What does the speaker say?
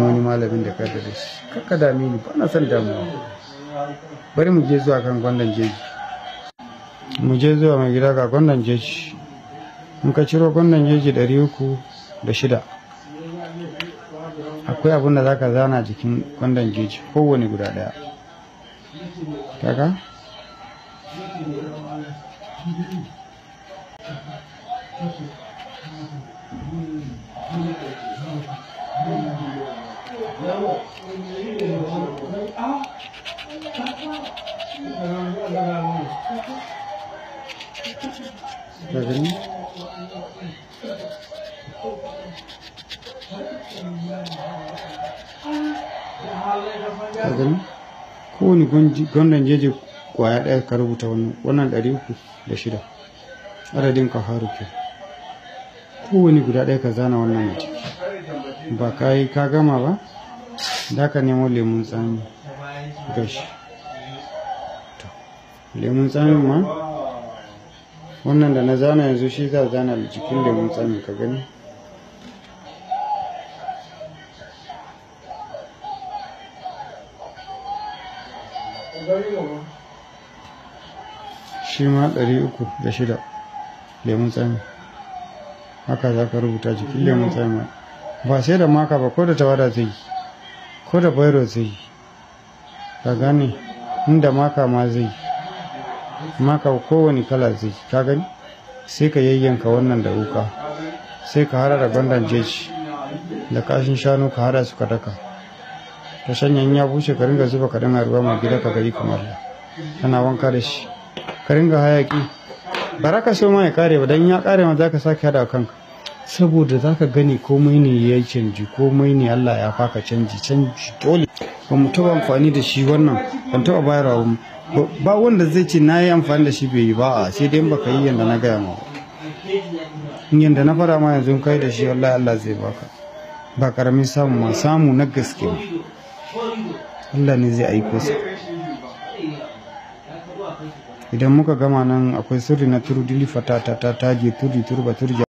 wani malamin da ka da shi kakka dame ni ba na san damuwa bari mu je zuwa kan gwandan jeji mu je zuwa mai gida ga gwandan jeji in ka ciro gwandan jeji ɗari uku da shida akwai abin da za ka zana jikin gwandan jeji kowane guda ɗaya kaga Thank you. gani gani kowane gwamnan jeji kwaya ɗaya ka rubuta wannan wannan ɗari uku da shida adadin ka haru ke kowane guda ɗaya ka zana wannan ba ka yi ka gama ba da ka nemo lemun tsami gashi lemun tsami ma wannan da na zana yanzu shi za zana da cikin lemun tsami ka gani shi ma 306 uku da shida lemun tsami haka za ka rubuta jikin lemun tsami ba sai da maka ba ko da tawada zai yi ko da bairo zai yi ka gani inda maka ma zai yi maka kowane kala zai yi ka gani sai ka yayyanka wannan da wuka sai ka hara da gwandan jeji da kashin shanu ka hara su ka daka ta shanyan ya bushe ka ringa zuba kaɗan ruwa mai gida ka gari kamar da. tana wanka da shi ka ringa hayaki bara ka so ma ya kare ba don ya kare ma za ka sake hada kanka saboda za ka gani komai ne ya canji komai ne Allah ya faka canji canji dole ba mu taɓa amfani da shi wannan ban taɓa bayarwa ba wanda zai ce na yi amfani da shi bai yi ba a sai dai baka yi yadda na gaya ma yadda na fara ma yanzu kai da shi wallahi Allah zai baka ba karamin samu ma samu na gaske ba Allah ne zai aiko sa idan muka gama nan akwai sirri na turu dili ta ta taje turi turba turja